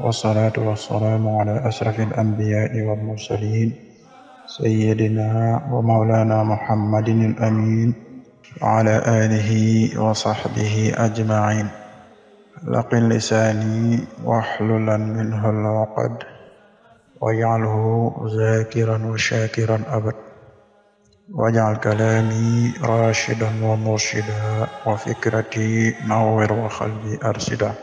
wasalaatu wassalaamu ala ashrafi alanbiyaai walmursalin sayidina wa maulana muhammadin alamin wa ala alihi wa saxbihi ajmain laqin lisaani waxlulan minhu alwaqad wajcalhu zakiran wa shakiran abad wajcal kalaami rashidan wa murshida wa fikrati nawwir wa qalbi arsida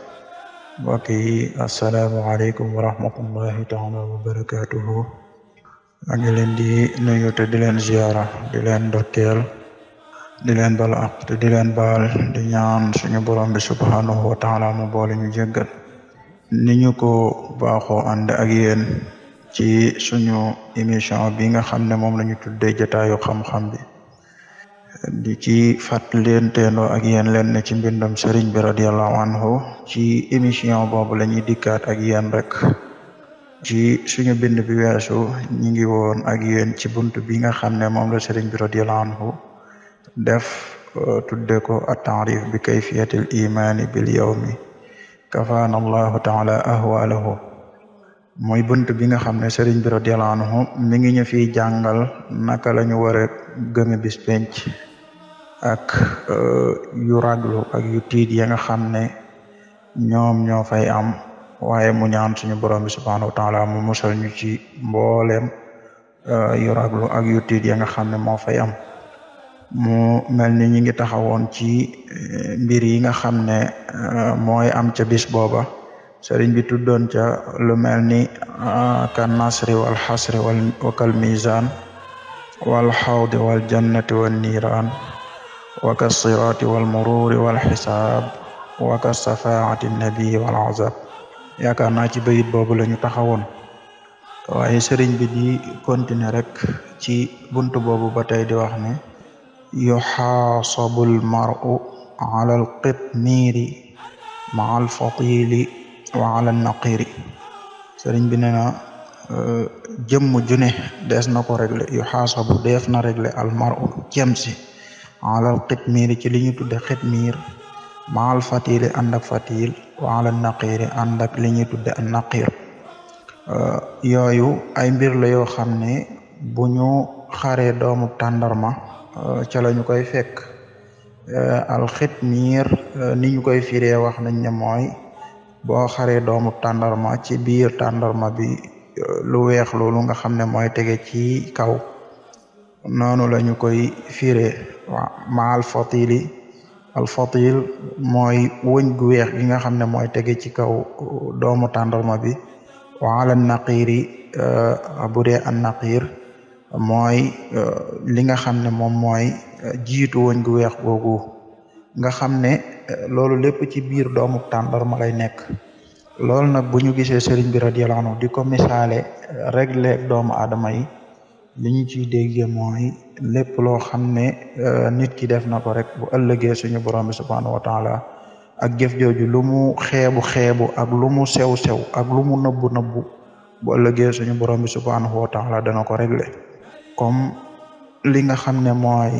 mbokk yi asalaamaaleykum wa rahmatullahi taala wa barakaatuhu maa ngi leen di nuyu te di leen ziara di leen ndokkeel di leen bal ak di leen baal di ñaan suñu borom bi subhanahu wa taala mu boole ñu jéggal ni ñu ko baaxoo ànd ak yéen ci suñu émission bi nga xam ne moom la ñu tuddee jataayu xam-xam bi ci ci fàttalenteenoo ak yéen leen ci mbindum sëriñ bi radiallahu anhu ci émission boobu la ñuy dikkaat rek ci suñu bind bi weesu ñi ngi woon ak yéen ci bunt bi nga xam ne moom la sëriñ bi radiallahu anhu def euh, tudde ko at bi kayfiyatil imaani bil yawmi kafaana allahu taala ahwalahu mooy bunt bi nga xam ne sëriñ bi radiallahu mi ngi ñu fi jàngal naka lañu ñu war a ak euh, yu raglu ak yu tiit ya nga xam ne ñoom ñoo fay am waaye mu ñaan suñu borom bi subhanahu wa taala mu musal ci mbooleem euh, yu raglu ak yu tiit ya nga xam ne moo fay am mu mel ni ñi ngi taxawoon ci euh, mbir yi nga xam ne mooy am ca bis booba sëriñ bi tuddoon ca lu mel ni kan nasri wal xasri wal wakal mizan wal xawdi wal jannati wal niiraan waka siraati wal mururi wal safaati nabi wal azab yaakaar naa ci bayit boobu la ñu taxawoon waaye sëriñ bi di continuer rek ci bunt boobu ba tey di wax ne yuxaasabu almaru ala alqitmiiri maa alfatili wa ala alnaqiri sëriñ bi nee na euh, jëmm june dees na ko régler yuxaasabu deef na régler almaru cem si alal xitmiiri ci li ñu tudde xitmiir maal fatili ànd ak fatil wa alal naqiiri ànd ak li ñu tudde an yooyu ay mbir la yoo xam ne bu ñu xaree doomu tàndarma ca la koy fekk alxitmiir ni ñu koy firee wax nañ ne mooy boo xaree doomu tàndarma ci biir tàndarma bi lu weex loolu nga xam ne mooy tege ci kaw noonu lañu koy firee waaw ma alfatili alfatil mooy wëñ gu weex gi nga xam ne mooy tege ci kaw uh, doomu tàndarma bi wa ala naqiri uh, bu dee an naqir mooy uh, li nga xam ne moom mooy jiitu wëñ gu weex googu nga xam ne loolu lépp ci biir doomu tàndarma lay nekk loolu nag bu ñu gisee sëriñ bi radiyallahu di ko misaale régler doomu aadama yi li ñu ciy déggee mooy lépp loo xam ne euh, nit ki def na ko rek bu ëllëgee suñu borom bi subhanahu wa ak jëf jooju lu mu xeebu xeebu ak lu mu sew sew ak lu mu nëbbu nëbbu bu ëllëgee suñu borom bi subhanahu wa taala dana ko régler comme li nga xam ne mooy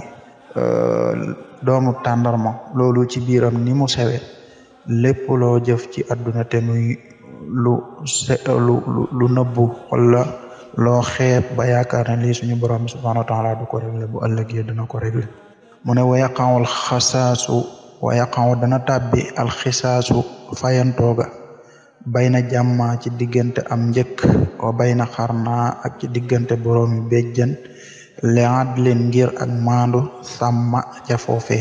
euh, doomu tàndarma loolu ci biiram ni mu sewe lépp loo jëf ci àdduna te muy lu lu lu nëbbu wala loo xeet ba yaakaar ne lii suñu borom subhanahu wa taala du ko réglé bu ëllëgee dana ko réglé mu ne wa yaqawul xasaasu wa yaqaw dana tàbbi alxisaasu fayantooga bayna jàmma ci diggante am njëkk wa bayna xarnaa ak ci diggante borom yi béjjën lead leen ngir ak maandu sàmma ca foofe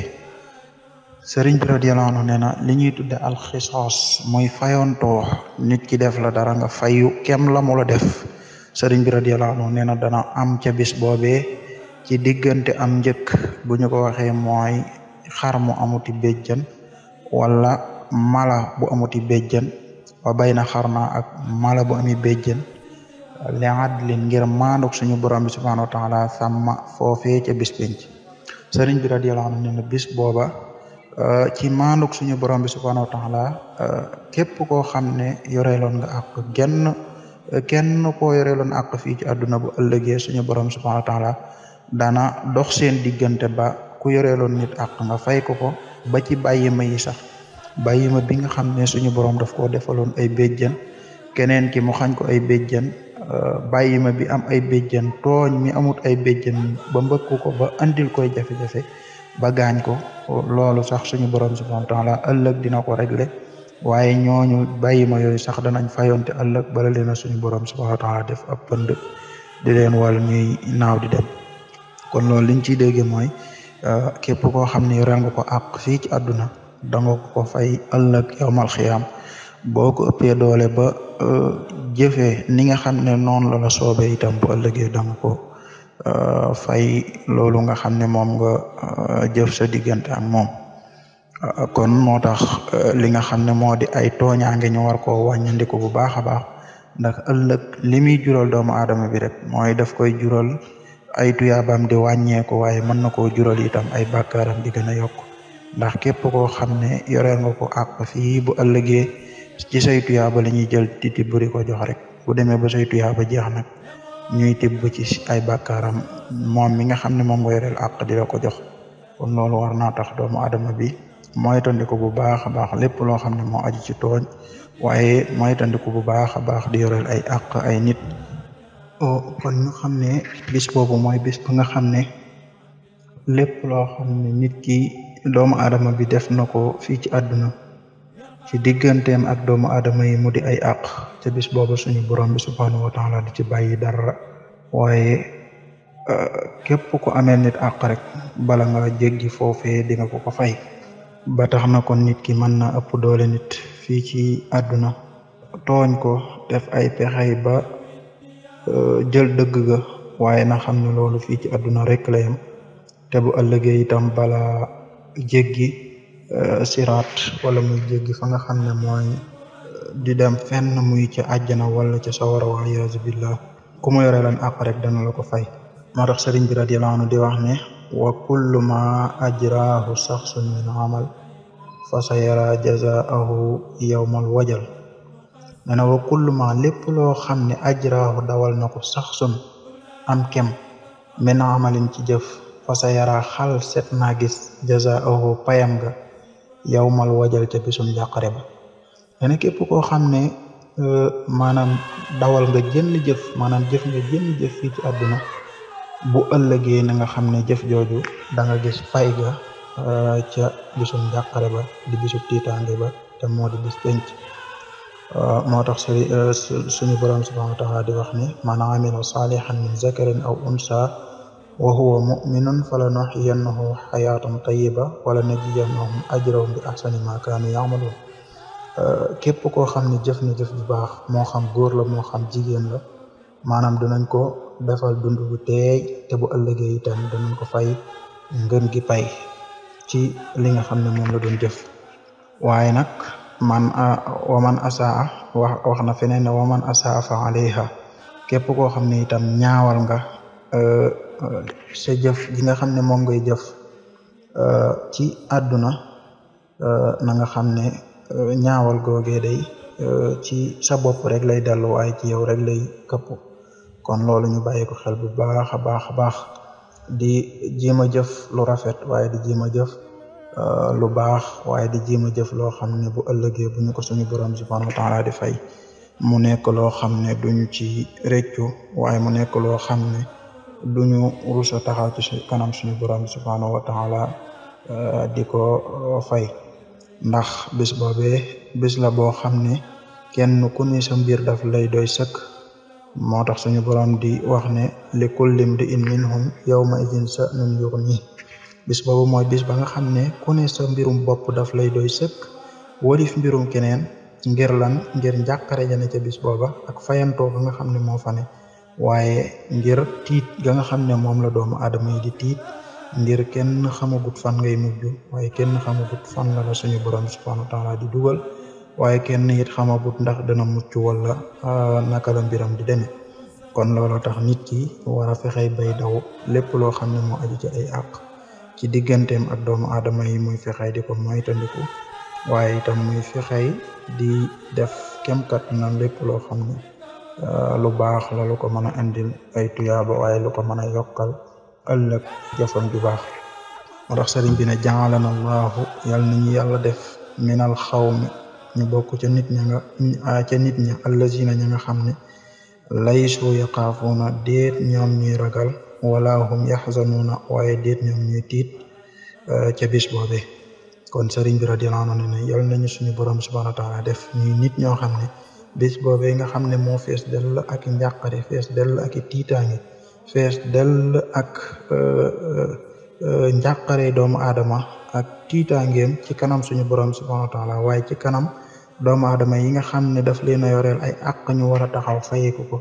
sëriñ bi radiyallahu anhu nee na li ñuy tudde alxisaas muy fayantoo nit ki def la dara nga fayu kem la mu def sëriñ bi radiyallahu anhu nee na dana am ca bis boobee ci diggante am njëkk bu ñu ko waxee mooy xar mu amuti béjjën wala mala bu amuti béjjën wa bay na xar naa ak mala bu ami béjjën li adlin ngir maanduk suñu borom bi subhanahu wa taala foofe foofee ca bis penc sëriñ bi radiyallahu anhu nee bis booba euh, ci maanduk suñu borom bi subhanahu wa euh, képp koo xam ne yoreeloon nga ak genn kenn ko yoreeloon ak fi ci àdduna bu ëllëgee suñu borom subhanahu wa taala dana dox seen diggante ba ku yoreeloon nit àq nga fay ko ko ba ci bàyyi ma yi sax bàyyi ma bi nga xam ne suñu borom daf ko defaloon ay béjjën keneen ki mu xañ ko ay béjjën euh, bàyyi ma bi am ay béjjën tooñ mi amut ay béjjën ba mbëkk ko ba andil koy jafe-jafe ba gaañ ko loolu sax suñu borom subhanahu wa taala ëllëg dina ko régler waaye ñooñu bàyyi ma yooyu sax danañ fayonte ëllëg bala leen a suñu borom subhanahu wa taala def ab pënd di leen wal ñuy naaw dem kon loolu liñ ciy dégge mooy euh, képp koo xam ne yore nga ko àq fii ci àdduna danga ko fay ëllëg yowmal xiyaam boo ko ëppee doole ba euh, jëfee ni nga xam ne noonu la la soobee itam bu ëllëgee danga ko euh, fay loolu nga xam ne moom nga jëf sa diggante ak moom Euh, kon moo tax euh, li nga xam ne moo di ay tooñaange ñu war koo wàññandiku bu baax a baax ndax ëllëg li muy jural doomu aadama bi rek mooy daf koy jural ay tuyaabaam di wàññeeku waaye mën na koo jural itam ay bàkkaaram di gën a yokk ndax képp koo xam ne yoree nga ko àq fii bu ëllëgee ci say tuyaaba la ñuy jël titi buri ko jox rek bu demee ba say tuyaaba jeex nag ñuy tibb ci ay bàkkaaram moom mi nga xam ne moom nga yoreel àq di ko jox kon loolu war naa tax doomu adama bi moytandiku bu baax a baax lépp loo xam ne moo aju ci tooñ waaye moytandiku bu baax a baax di yoreel ay àq ay nit kon ñu xam ne bis boobu mooy bis bu nga xam ne lépp loo xam ne nit ki doomu aadama bi def na ko fii ci àdduna ci digganteem ak doomu aadama yi mu di ay àq te bis boobu suñu borom bi subhanahu wa taala di ci bàyyi dara waaye eh, képp ko amee nit àq rek bala nga jéggi foofee di nga ko ko fay ba tax na kon nit ki mën na ëpp doole nit fii ci àdduna tooñ ko def ay pexey ba euh, jël dëgg ga waaye na xam ne loolu fii ci àdduna rek la te bu ëllëgee itam bala jéggi euh, siraat wala muy jéggi fa nga xam ne mooy euh, di dem fenn muy ca àjjana wala ca sawara wa iyaazu billah ku mu yore lan àq dana la ko fay moo tax sëriñ bi radiyallahu anhu di wax ne wa kullu ma ajraahu saxsun min amal fa sa yara jazaahu yowmal wajal nee wa kullu ma lépp loo xam ne ajraahu dawal na ko saxsun am kem min ci jëf fa sa yara xal set naa gis jazaahu payam ga yowmal wajal ca bisum jàqare ba nee na képp koo xam ne euh, maanaam dawal nga jënn jëf maanaam jëf nga jënn jëf fii ci àdduna bu ëllëgee na nga xam ne jëf jooju danga gis fay ga euh, ca bisum njàqare ba di bisub tiitaange ba te moo di bis denc euh, moo tax euh, suñu borom subhanahu wa taala di wax ne man amila salihan min zakarin aw unsa wa huwa muminun fala nuxiyannahu xayaatan tayiba wala na najziyannahum ajrahum bi axsani ma kaanu yamaluun képp koo xam ne jëf na jëf bu baax moo xam góor la moo xam jigéen la maanaam dinañ ko defal dund bu teey te bu ëllëgee itam danañ ko fay ngën gi pay ci li nga xam ne moom la doon jëf waaye nag man wa man assa wax wax na feneen ne wa man asaa fa alayha képp koo xam ne itam ñaawal nga euh, euh, sa jëf ji xam ne moom ngay jëf euh, ci àdduna na nga xam ne ñaawal googee day ci sa bopp rek lay dellu waaye ci yow rek lay këpp kon loolu ñu bàyyi ko xel bu baax a baax a baax di jéem a jëf lu rafet waaye di jéem a jëf euh, lu baax waaye di jéem a jëf loo xam ne bu ëllëgee bu ñu ko suñu borom subhanahu wa taala di fay mu nekk loo xam ne duñu ci réccu waaye mu nekk loo xam ne duñu rusa taxaw ci kanam suñu borom subhanahu wa taala euh, di ko fay ndax bis boobe bis la boo xam ne kenn ku ne sa mbir daf lay doy sëkk moo tax suñu borom di wax ne li kullim di in minhum yawma idin sha'nun yughni bis boobu mooy bis ba nga xam ne ku ne sa mbirum bopp daf lay doy sëkk warif mbirum keneen ngir lan ngir njàqare ne ca bis booba ak fayantoo ba nga xam ne moo fa ne waaye ngir tiit ga nga xam ne moom la doomu aadama yi di tiit ngir kenn xamagut fan ngay mujj waaye kenn xamagut fan la suñu borom subhanahu wa di dugal waaye kenn it xamagut ndax dana mucc wala ah, naka la mbiram di demee kon looloo tax nit ki war a fexey bay daw lépp loo xam ne moo aju ci ay ci digganteem ak doomu aadama yi muy fexey di ta moytandiku waaye itam muy fexey di def kem kattanam lépp loo xam ne ah, lu baax la lu ko mën a andil ay tuyaaba waaye lu ko mën a yokkal ëllëg jëfam ju baax moo tax bi ne jaalana allahu yàlla nañu yàlla def minal xawmi ñu bokk ca nit ña nga ca nit ña allazina ña nga xam ne laysu yaqaafuuna déet ñoom ñuy ragal wala hum yaxzanuuna waaye déet ñoom ñuy tiit ca bis boobe kon sëriñ bi radiyallahu anhu ne yal nañu suñu borom subhanahu wa taala def ñuy nit ñoo xam ne bis boobe nga xam ne moo fees dell ak njàqare fees dell ak tiitaange fees dell ak njàqare doomu aadama ak tiitaangeem ci kanam suñu borom subhanahu wa taala waaye ci kanam doomu aadama yi nga xam ne daf leen a yoreel ay àq ñu war a taxaw fayeku ko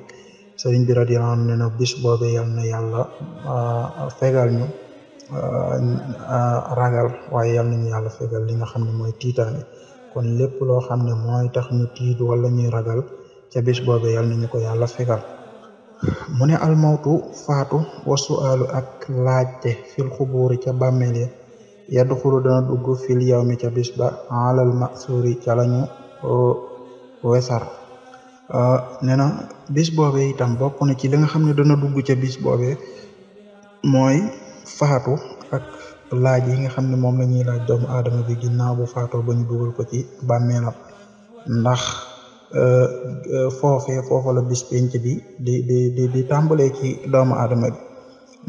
sëriñ bi radiyallahu anhu ne na bis boobe yal na yàlla ah, fegal ñu ah, ah, ragal waaye yal nañu yàlla fegal li nga xam ne mooy tiitaange kon lépp loo xam ne mooy tax ñu tiit wala ñuy ragal ca bis boobe yal ñu ko yàlla fegal mu ne almawtu faatu wa suaalu ak laajte fil xubuuri ca bàmmeel ya yadxulu dana dugg fil yawmi ca bis ba alal masuri ca lañu wesar euh, nee na bis boobe itam bokk na ci li nga xam ne dana dugg ce bis boobe mooy faatu ak laaj yi nga xam ne moom la ñuy laaj doomu adama bi ginnaaw bu faatoo ba ñu dugal ko ci bàmmeelam ndax euh, euh, foofee foofa la bis penc bi di di di di tàmbalee ci doomu aadama bi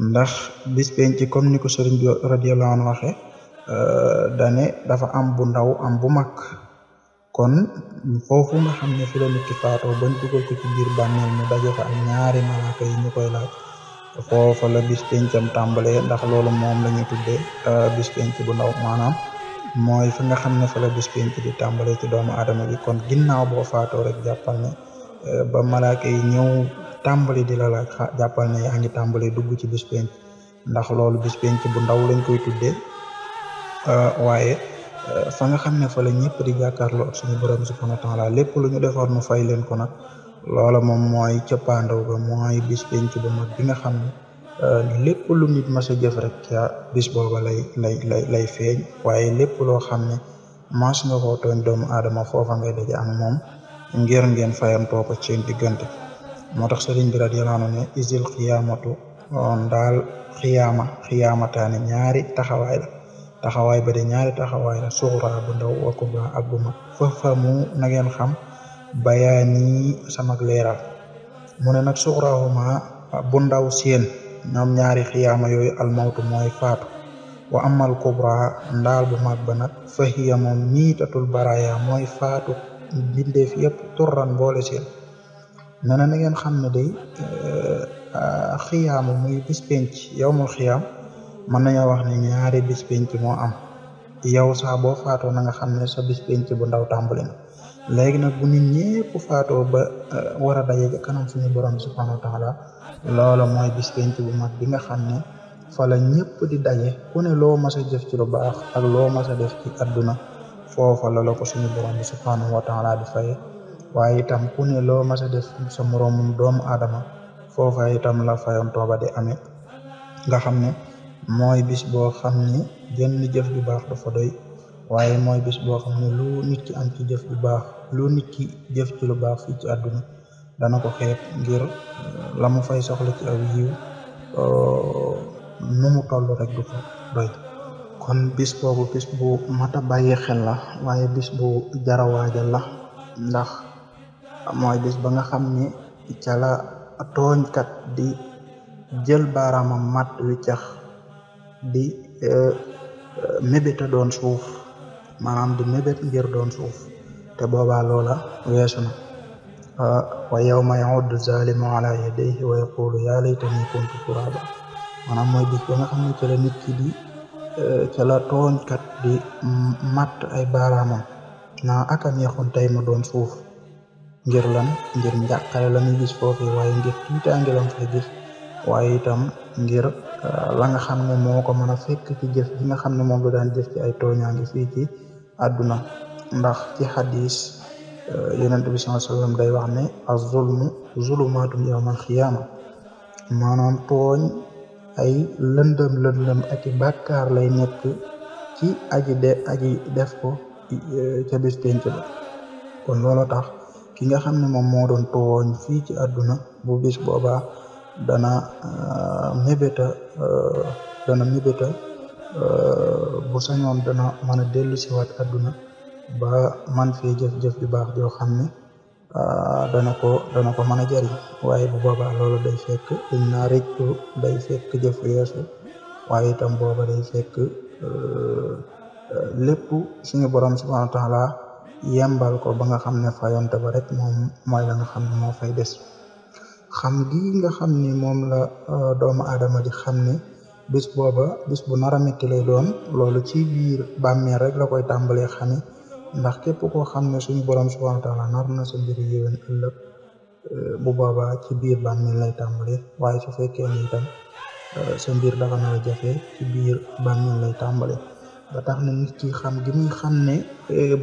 ndax bis penc comme ni ko sëriñ bi radiyallahu anhu waxe dane dafa am bu ndaw am bu mag kon foofu nga xam ne fi la nit ki faatoo bañ dugal ko ci biir bàmmeel mu daje fa ak ñaari malaaka yi ñu koy laaj foofa la bis pencam tàmbale ndax loolu moom la ñu tudde euh, bis penc bu ndaw maanaam mooy fi nga xam ne fa la bis penc di tàmbale ci doomu aadama bi kon ginnaaw boo faatoo rek jàppal ne euh, ba malaaka yi ñëw tàmbali di la laaj jàppal ne yaa ngi tàmbale dugg ci bis ndax loolu bis penc bu ndaw lañ koy tudde euh, waaye Euh, fa nga xam ne fa la ñëpp di jàkkaarloo ak suñu borom subhanahu wa taala lépp lu ñu defoon mu fay leen ko nag loola moom mooy cëppaandaw ga mooy bis penc bu mag bi nga xam euh, lépp lu nit mas a jëf rek ca lay lay feeñ waaye lépp loo xam ne mas nga koo tooñ doomu aadama foofa ngay daje ak moom ngir ngeen fayantoo ko seen diggante moo tax sëriñ bi radiyallahu anhu ne isil xiyaamatu on daal xiyaama xiyaamataani ñaari taxawaay la taxawaay ba de ñaari taxawaay la suxura bu ndaw wa kubra ak bu mag fa famu na xam bayaani samak leeral mu ne nag suxurahuma bu ndaw seen ñoom ñaari xiyaama yooyu almawtu mooy faatu wa amal kubra ndaal bu mag ba nag fa xiya moom miitatul baraya mooy faatu bindeef yëpp turran boole seen nana na ngeen xam ne day eh, xiyaama muy bis penc xiyaam mën nañoo wax ne ñaari bis penc moo am yow saa boo faatoo na nga xam ne sa bis penc bu ndaw tàmbali na léegi nag bu nit ñëpp faatoo ba euh, war a daje kanam suñu borom subhanahu wa taala loola mooy bis penc bu mag bi nga xam ne fa la ñëpp di daje ku ne loo mas a jëf ci lu baax ak loo mas def ci adduna foofa la ko suñu borom bi subhanahu wa taala di fay waaye itam ku loo mas a def sa moroomum doomu aadama foofa itam la fayoon tooba de amee nga xam ne mooy bis boo xam ni jenn jëf ju baax dafa doy waaye mooy bis boo xam ne lu nit ki am ci jëf ju baax lu nit ki jëf ci lu baax fii ci àdduna dana ko xeet ngir eh, la mu fay soxla ci aw yiw eh, nu mu toll rek du doy kon bis boobu bis bu mat a bàyyi xel la waaye bis bu jara waajal la ndax mooy bis ba nga xam ni ca la tooñkat di jël baaraamam mat wi cax di eh, eh, mébéta doon suuf maanaam di mébét ngir doon suuf te boobaa loola weesu na ah, wa yawma ya'uddu zalimu ala yadayhi wa yaqulu ya laytani kuntu turaba maanaam mooy bis ba nga xam ne ca la nit ki di eh, ca la tooñkat di matt ay tey ma doon suuf ngir lan ngir njàqare la muy gis foofu waaye ngir tiitaangi lam fay gis waaye itam ngir Euh, langa xam ne moo ko mën a fekk ci jëf ji nga xam ne moom la daan jëf ci ay ngi fii ci àdduna ndax ci xadis euh, yonent bi som alayhi wasallam day wax ne az-zulmu zulumaatun yawmal maanaam tooñ ay lëndëm lëndëm ak i bàkkaar lay nekk ci aji def ko euh, ca bis penc ba kon loolu tax ki nga xam ne moom moo doon tooñ fii ci àdduna bu bis boobaa Euh, euh, dana mébéta dana euh, mébéta bu sañoon dana mën a dellu siwaat àdduna ba man fee jëf-jëf ju baax joo xam ne dana ko dana ko mën a jariñ waaye bu boobaa loolu day fekk dañ naa rëccu day fekk jëf yeesu waaye itam booba day fekk lépp suñu borom subhanahu wa taala yembal ko ba nga xam ne fayonte ba rek moom mooy la nga xam ne moo fay des xam gi nga xam ni moom la euh, doomu aadama di xam ne bis booba bis bu nar a metti lay doom loolu ci biir bàmmeel rek la koy tàmbalee xame ndax képp koo xam ne suñu borom subhanahu wa taala nar na sa mbir yéwén ëllëg euh, bu booba ci biir bàmmeel lay tàmbalee waaye su fekkee ni itam euh, mbir dafa nar a jafe ci biir bàmmeel lay tàmbalee ba tax na nit ki xam gi muy xam ne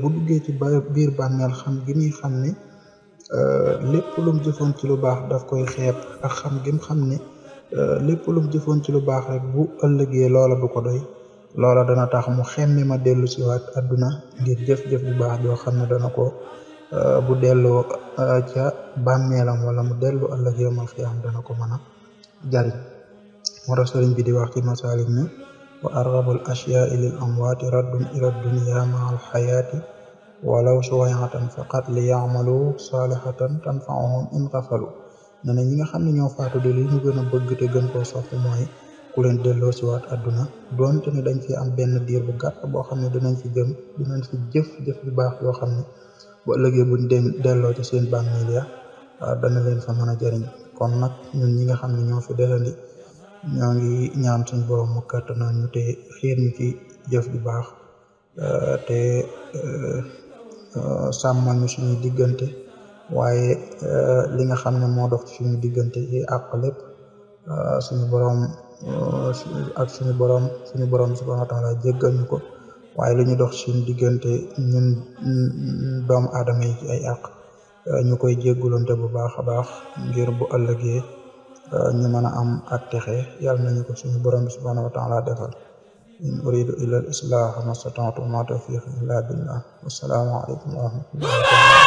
bu duggee ci biir bàmmeel xam gi muy xam ne Euh, lépp lum jëfoon ci lu baax daf koy xeeb ak xam gim xam ne euh, lépp lum jëfoon ci lu baax rek bu ëllëgee loola du ko doy loola dana tax mu xemmi ma dellu si ngir jëf-jëf bu baax joo xam ne dana ko euh, bu delloo ca bàmmeelam wala mu dellu ëllëg yowmal xiyaam dana ko mën jariñ moo tax sëriñ bi di wax ci masaalik ne wa arrabul ashyaai lil amwaati raddun ila dunya ma xayaati wala walaw suwayatan faqat li yaamalu salihatan tanfaahum in xafalu ne na ñi nga xam ne ñoo faatu de li ñu gën a bëgg te gën koo sopp mooy ku leen delloo si waat àdduna doonte ne dañ fi am benn diir bu gàtt boo xam ne dinañ fi jëm dinañ fi jëf jëf bu baax yoo xam ne bu ëllëgee buñ dem delloo ci seen bàmmeel ya ah, dana leen fa mën a kon nag ñun ñi nga xam ne ñoo fi desandi ñoo ngi ñaan suñ borom ñu te xiir ñu ci jëf bu baax ah, te eh, Euh, sàmmal ñu suñuy diggante waaye euh, li nga xam ne moo dox ci suñu diggante yi àq lépp euh, suñu borom ak suñu borom suñu borom subhanahu wa taala jéggal ñu ko waaye li ñu dox suñu diggante ñun doomu aadama yi ci ay àq ñu koy jéggulante bu baax a baax ngir bu ëllëgee ñu mën a am ak texe yàlla nañu ko suñu borom bi subhanahu wa taala defal in uridu illa al islaha ma stata'tu ma tawfiqi illa billah wassalaamu aleykum wa rahmatullah